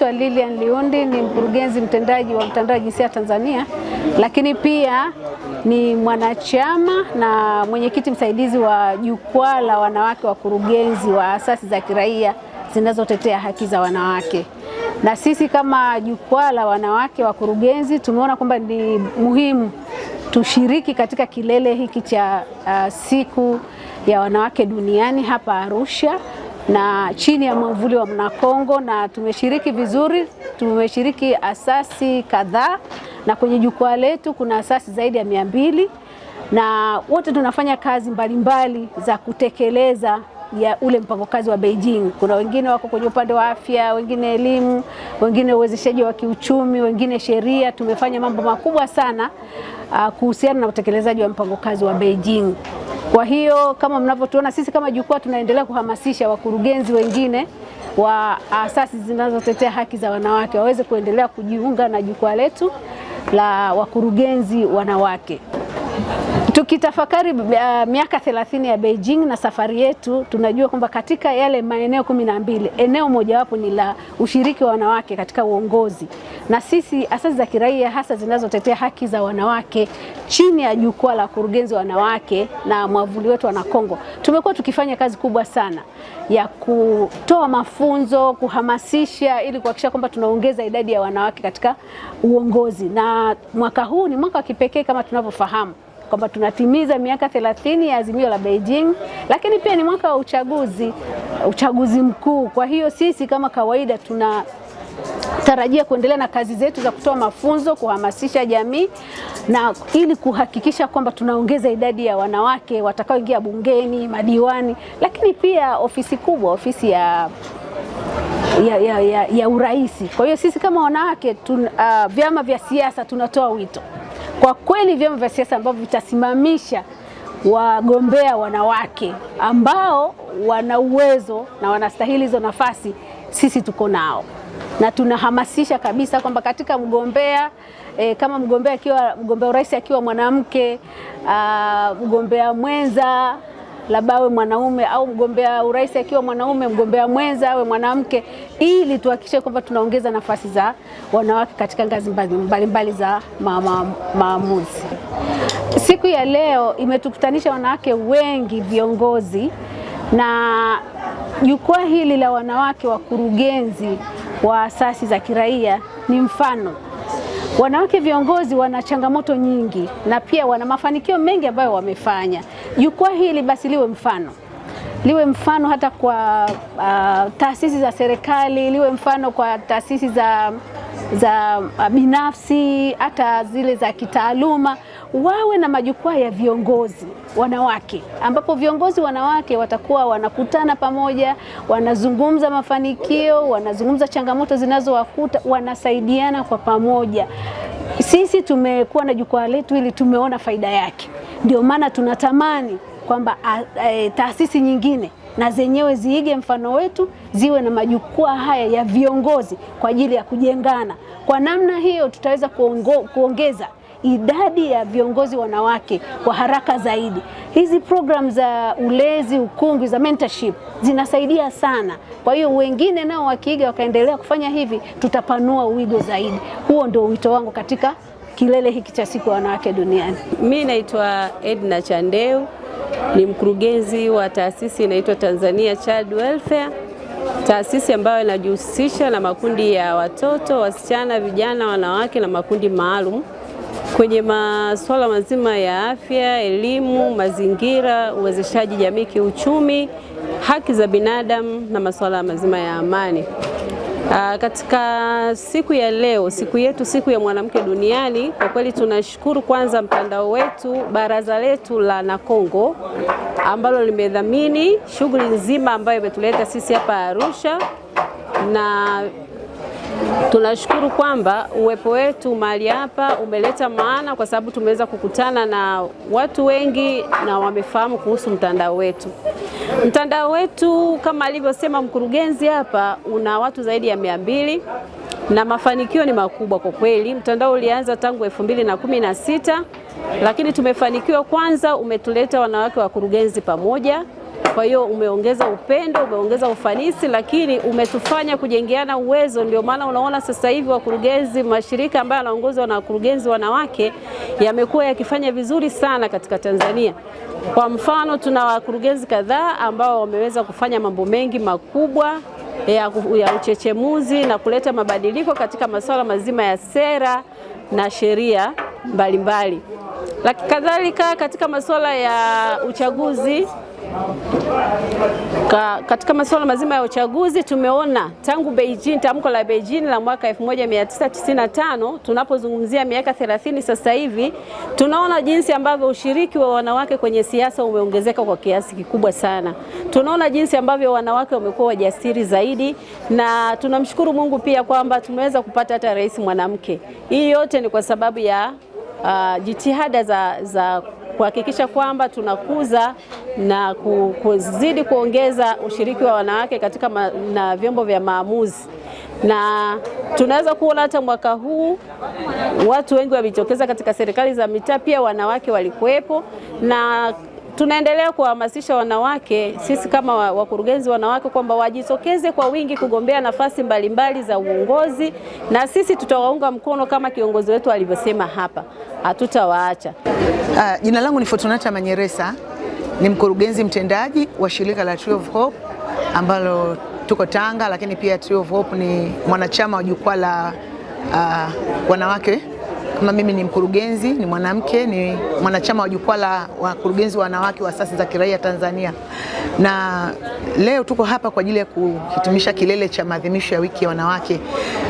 naitwa Lilian Liundi, ni mkurugenzi mtendaji wa mtandao wa jinsia Tanzania, lakini pia ni mwanachama na mwenyekiti msaidizi wa jukwaa la wanawake wakurugenzi wa asasi za kiraia zinazotetea haki za wanawake. Na sisi kama jukwaa la wanawake wakurugenzi tumeona kwamba ni muhimu tushiriki katika kilele hiki cha uh, siku ya wanawake duniani hapa Arusha na chini ya mwavuli wa Mnakongo, na tumeshiriki vizuri, tumeshiriki asasi kadhaa, na kwenye jukwaa letu kuna asasi zaidi ya mia mbili na wote tunafanya kazi mbalimbali mbali za kutekeleza ya ule mpango kazi wa Beijing. Kuna wengine wako kwenye upande wa afya, wengine elimu, wengine uwezeshaji wa kiuchumi, wengine sheria. Tumefanya mambo makubwa sana uh, kuhusiana na utekelezaji wa mpango kazi wa Beijing. Kwa hiyo kama mnavyotuona sisi kama jukwaa tunaendelea kuhamasisha wakurugenzi wengine wa asasi zinazotetea haki za wanawake waweze kuendelea kujiunga na jukwaa letu la wakurugenzi wanawake. Tukitafakari uh, miaka 30 ya Beijing na safari yetu, tunajua kwamba katika yale maeneo kumi na mbili eneo mojawapo ni la ushiriki wa wanawake katika uongozi, na sisi asasi za kiraia hasa zinazotetea haki za wanawake chini ya jukwaa la wakurugenzi wa wanawake na mwavuli wetu Wanakongo, tumekuwa tukifanya kazi kubwa sana ya kutoa mafunzo, kuhamasisha ili kuhakikisha kwamba tunaongeza idadi ya wanawake katika uongozi, na mwaka huu ni mwaka wa kipekee kama tunavyofahamu kwamba tunatimiza miaka thelathini ya azimio la Beijing, lakini pia ni mwaka wa uchaguzi, uchaguzi mkuu. Kwa hiyo sisi kama kawaida tuna tarajia kuendelea na kazi zetu za kutoa mafunzo, kuhamasisha jamii na ili kuhakikisha kwamba tunaongeza idadi ya wanawake watakaoingia bungeni, madiwani, lakini pia ofisi kubwa, ofisi ya ya, ya, ya, ya uraisi. Kwa hiyo sisi kama wanawake tun, uh, vyama vya siasa tunatoa wito kwa kweli vyama vya siasa ambavyo vitasimamisha wagombea wanawake ambao wana uwezo na wanastahili hizo nafasi, sisi tuko nao na tunahamasisha kabisa kwamba katika mgombea e, kama mgombea akiwa mgombea urais akiwa mwanamke, ah, mgombea mwenza labda awe mwanaume au mgombea urais akiwa mwanaume, mgombea mwenza awe mwanamke, ili tuhakikishe kwamba tunaongeza nafasi za wanawake katika ngazi mbalimbali mbali za maamuzi ma, Siku ya leo imetukutanisha wanawake wengi viongozi, na jukwaa hili la wanawake wakurugenzi wa asasi za kiraia ni mfano. Wanawake viongozi wana changamoto nyingi na pia wana mafanikio mengi ambayo wamefanya jukwaa hili basi liwe mfano liwe mfano hata kwa uh, taasisi za serikali, liwe mfano kwa taasisi za, za uh, binafsi, hata zile za kitaaluma. Wawe na majukwaa ya viongozi wanawake, ambapo viongozi wanawake watakuwa wanakutana pamoja, wanazungumza mafanikio, wanazungumza changamoto zinazowakuta, wanasaidiana kwa pamoja. Sisi tumekuwa na jukwaa letu ili tumeona faida yake. Ndio maana tunatamani kwamba taasisi nyingine na zenyewe ziige mfano wetu, ziwe na majukwaa haya ya viongozi kwa ajili ya kujengana. Kwa namna hiyo, tutaweza kuongo, kuongeza idadi ya viongozi wanawake kwa haraka zaidi. Hizi programu za ulezi ukungwi za mentorship zinasaidia sana. Kwa hiyo wengine nao wakiiga wakaendelea kufanya hivi, tutapanua wigo zaidi. Huo ndio wito wangu katika kilele hiki cha siku ya wanawake duniani. Mimi naitwa Edna Chandeu, ni mkurugenzi wa taasisi inaitwa Tanzania Child Welfare, taasisi ambayo inajihusisha na makundi ya watoto, wasichana, vijana, wanawake na makundi maalum kwenye masuala mazima ya afya, elimu, mazingira, uwezeshaji jamii kiuchumi, haki za binadamu na masuala mazima ya amani. Aa, ah, katika siku ya leo, siku yetu, siku ya mwanamke duniani, kwa kweli tunashukuru kwanza mtandao wetu, baraza letu la Nakongo ambalo limedhamini shughuli nzima ambayo imetuleta sisi hapa Arusha, na tunashukuru kwamba uwepo wetu mahali hapa umeleta maana, kwa sababu tumeweza kukutana na watu wengi na wamefahamu kuhusu mtandao wetu. Mtandao wetu kama alivyosema mkurugenzi hapa una watu zaidi ya mia mbili na mafanikio ni makubwa kwa kweli. Mtandao ulianza tangu elfu mbili na kumi na sita lakini tumefanikiwa. Kwanza umetuleta wanawake wakurugenzi pamoja kwa hiyo umeongeza upendo, umeongeza ufanisi, lakini umetufanya kujengeana uwezo. Ndio maana unaona sasa hivi wakurugenzi, mashirika ambayo yanaongozwa na wakurugenzi wanawake yamekuwa yakifanya vizuri sana katika Tanzania. Kwa mfano, tuna wakurugenzi kadhaa ambao wameweza kufanya mambo mengi makubwa ya, ya uchechemuzi na kuleta mabadiliko katika masuala mazima ya sera na sheria mbalimbali. Kadhalika katika masuala ya uchaguzi Ka, katika masuala mazima ya uchaguzi tumeona tangu Beijing, tamko la Beijing la mwaka 1995 tunapozungumzia miaka 30 sasa hivi tunaona jinsi ambavyo ushiriki wa wanawake kwenye siasa umeongezeka kwa kiasi kikubwa sana. Tunaona jinsi ambavyo wanawake wamekuwa wajasiri zaidi, na tunamshukuru Mungu pia kwamba tumeweza kupata hata rais mwanamke. Hii yote ni kwa sababu ya uh, jitihada za, za kuhakikisha kwamba tunakuza na kuzidi kuongeza ushiriki wa wanawake katika ma, na vyombo vya maamuzi, na tunaweza kuona hata mwaka huu watu wengi wamejitokeza katika serikali za mitaa, pia wanawake walikuwepo na tunaendelea kuwahamasisha wanawake sisi kama wakurugenzi wanawake kwamba wajitokeze kwa wingi kugombea nafasi mbalimbali za uongozi, na sisi tutawaunga mkono kama kiongozi wetu alivyosema hapa, hatutawaacha. Uh, jina langu ni Fortunata Manyeresa ni mkurugenzi mtendaji wa shirika la Tree of Hope ambalo tuko Tanga, lakini pia Tree of Hope ni mwanachama wa jukwaa la uh, wanawake kama mimi ni mkurugenzi, ni mwanamke, ni mwanachama wa jukwaa la wakurugenzi wa wanawake wa asasi za kiraia Tanzania, na leo tuko hapa kwa ajili ya kuhitimisha kilele cha maadhimisho ya wiki ya wanawake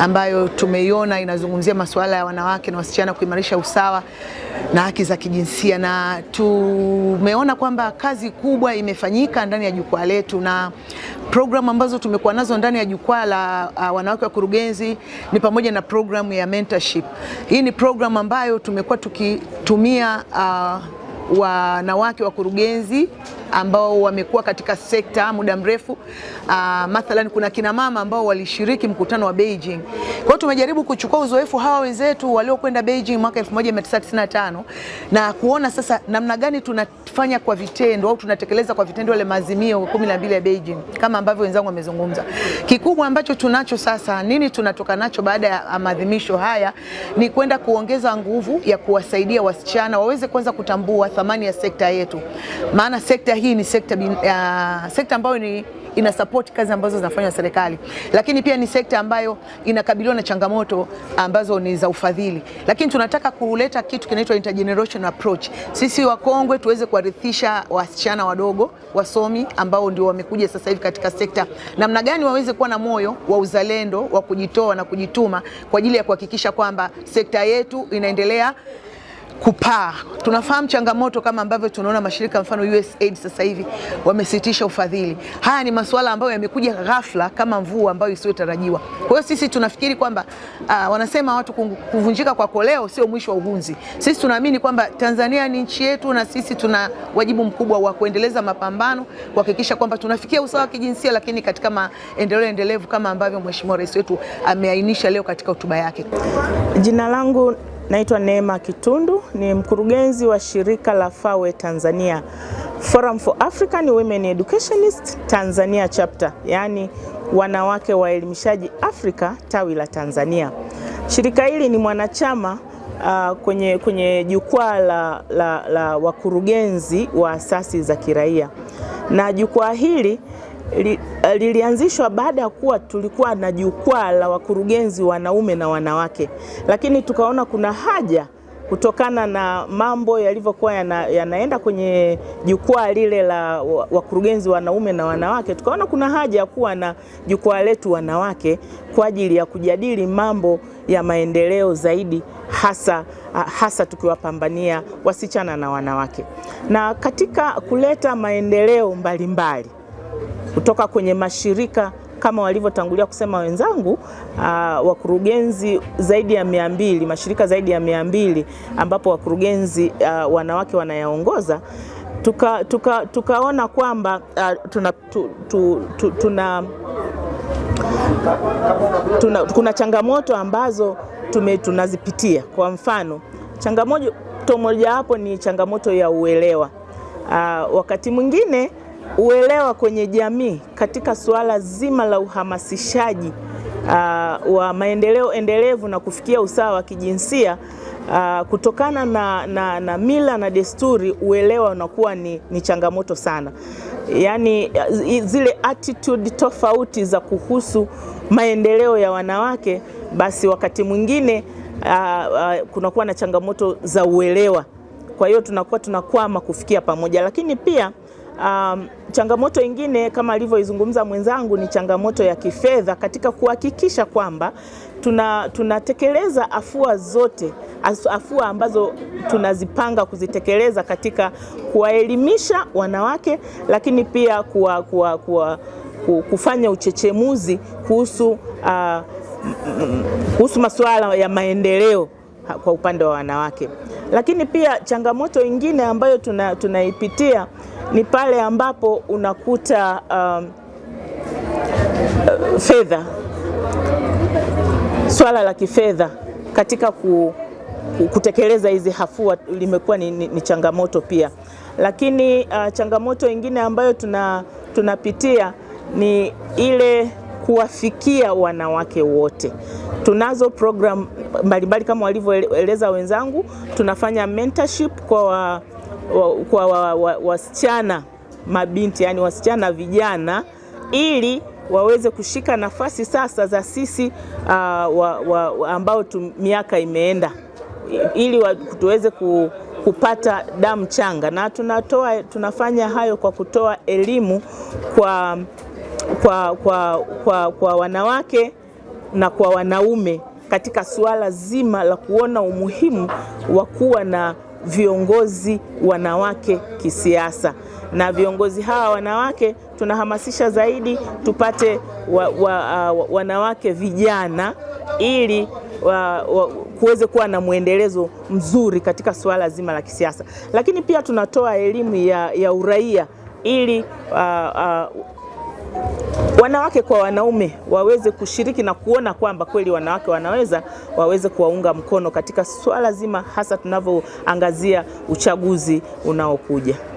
ambayo tumeiona inazungumzia masuala ya wanawake na wasichana, kuimarisha usawa na haki za kijinsia, na tumeona kwamba kazi kubwa imefanyika ndani ya jukwaa letu na programu ambazo tumekuwa nazo ndani ya jukwaa la uh, wanawake kurugenzi ni pamoja na programu ya mentorship. Hii ni programu ambayo tumekuwa tukitumia uh, wanawake wakurugenzi ambao wamekuwa katika sekta muda mrefu. Uh, mathalan kuna kina mama ambao walishiriki mkutano wa Beijing. Kwa hiyo tumejaribu kuchukua uzoefu hawa wenzetu waliokwenda Beijing mwaka 1995 na kuona sasa namna gani tuna tunafanya kwa vitendo au tunatekeleza kwa vitendo yale maazimio kumi na mbili ya Beijing kama ambavyo wenzangu wamezungumza. Kikubwa ambacho tunacho sasa, nini tunatoka nacho baada ya maadhimisho haya, ni kwenda kuongeza nguvu ya kuwasaidia wasichana waweze kwanza kutambua thamani ya sekta yetu, maana sekta hii ni sekta, uh, sekta ambayo ni ina support kazi ambazo zinafanywa serikali, lakini pia ni sekta ambayo inakabiliwa na changamoto ambazo ni za ufadhili, lakini tunataka kuleta kitu kinaitwa intergenerational approach. Sisi wakongwe tuweze kuwarithisha wasichana wadogo wasomi ambao ndio wamekuja sasa hivi katika sekta, namna gani waweze kuwa na moyo wa uzalendo wa kujitoa na kujituma kwa ajili ya kuhakikisha kwamba sekta yetu inaendelea kupaa. Tunafahamu changamoto kama ambavyo tunaona mashirika mfano USAID sasa hivi wamesitisha ufadhili. Haya ni masuala ambayo yamekuja ghafla kama mvua ambayo isiyotarajiwa. Kwa hiyo sisi tunafikiri kwamba uh, wanasema watu kuvunjika kwa koleo sio mwisho wa uhunzi. Sisi tunaamini kwamba Tanzania ni nchi yetu na sisi tuna wajibu mkubwa wa kuendeleza mapambano kuhakikisha kwamba tunafikia usawa wa kijinsia, lakini katika maendeleo endelevu kama ambavyo Mheshimiwa Rais wetu ameainisha leo katika hotuba yake. Jina langu Naitwa Neema Kitundu, ni mkurugenzi wa shirika la FAWE Tanzania, Forum for African Women Educationist Tanzania Chapter, yaani wanawake waelimishaji Afrika tawi la Tanzania. Shirika hili ni mwanachama uh, kwenye, kwenye jukwaa la, la, la wakurugenzi wa asasi za kiraia na jukwaa hili Eh, lilianzishwa baada ya kuwa tulikuwa na jukwaa la wakurugenzi wanaume na wanawake, lakini tukaona kuna haja kutokana na mambo yalivyokuwa yana, yanaenda kwenye jukwaa lile la wakurugenzi wanaume na wanawake, tukaona kuna haja ya kuwa na jukwaa letu wanawake kwa ajili ya kujadili mambo ya maendeleo zaidi, hasa ah, hasa tukiwapambania wasichana na wanawake na katika kuleta maendeleo mbalimbali mbali kutoka kwenye mashirika kama walivyotangulia kusema wenzangu uh, wakurugenzi zaidi ya mia mbili mashirika zaidi ya mia mbili ambapo wakurugenzi uh, wanawake wanayaongoza tukaona tuka, tukaona kwamba uh, tuna, tu, tu, tu, tuna, tuna, kuna changamoto ambazo tume, tunazipitia. Kwa mfano changamoto mojawapo ni changamoto ya uelewa uh, wakati mwingine uelewa kwenye jamii katika suala zima la uhamasishaji uh, wa maendeleo endelevu na kufikia usawa wa kijinsia uh, kutokana na, na, na mila na desturi, uelewa unakuwa ni, ni changamoto sana, yaani uh, zile attitude tofauti za kuhusu maendeleo ya wanawake, basi wakati mwingine uh, uh, kunakuwa na changamoto za uelewa, kwa hiyo tunakuwa tunakwama kufikia pamoja, lakini pia Um, changamoto ingine kama alivyoizungumza mwenzangu ni changamoto ya kifedha katika kuhakikisha kwamba tuna tunatekeleza afua zote afua ambazo tunazipanga kuzitekeleza katika kuwaelimisha wanawake, lakini pia kuwa, kuwa, kuwa, kufanya uchechemuzi kuhusu, uh, kuhusu masuala ya maendeleo kwa upande wa wanawake. Lakini pia changamoto ingine ambayo tuna, tunaipitia ni pale ambapo unakuta um, uh, fedha, swala la kifedha katika ku, kutekeleza hizi hafua limekuwa ni, ni, ni changamoto pia, lakini uh, changamoto ingine ambayo tuna, tunapitia ni ile kuwafikia wanawake wote. Tunazo program mbalimbali kama walivyoeleza wenzangu, tunafanya mentorship kwa kwa wa, wa, wasichana mabinti, yani wasichana vijana, ili waweze kushika nafasi sasa za sisi uh, wa, wa, ambao tu, miaka imeenda ili tuweze ku kupata damu changa na tunatoa, tunafanya hayo kwa kutoa elimu kwa, kwa, kwa, kwa, kwa wanawake na kwa wanaume katika suala zima la kuona umuhimu wa kuwa na viongozi wanawake kisiasa, na viongozi hawa wanawake tunahamasisha zaidi tupate wa, wa, wa, uh, wanawake vijana ili uh, kuweze kuwa na mwendelezo mzuri katika suala zima la kisiasa, lakini pia tunatoa elimu ya, ya uraia ili uh, uh, wanawake kwa wanaume waweze kushiriki na kuona kwamba kweli wanawake wanaweza, waweze kuwaunga mkono katika swala zima, hasa tunavyoangazia uchaguzi unaokuja.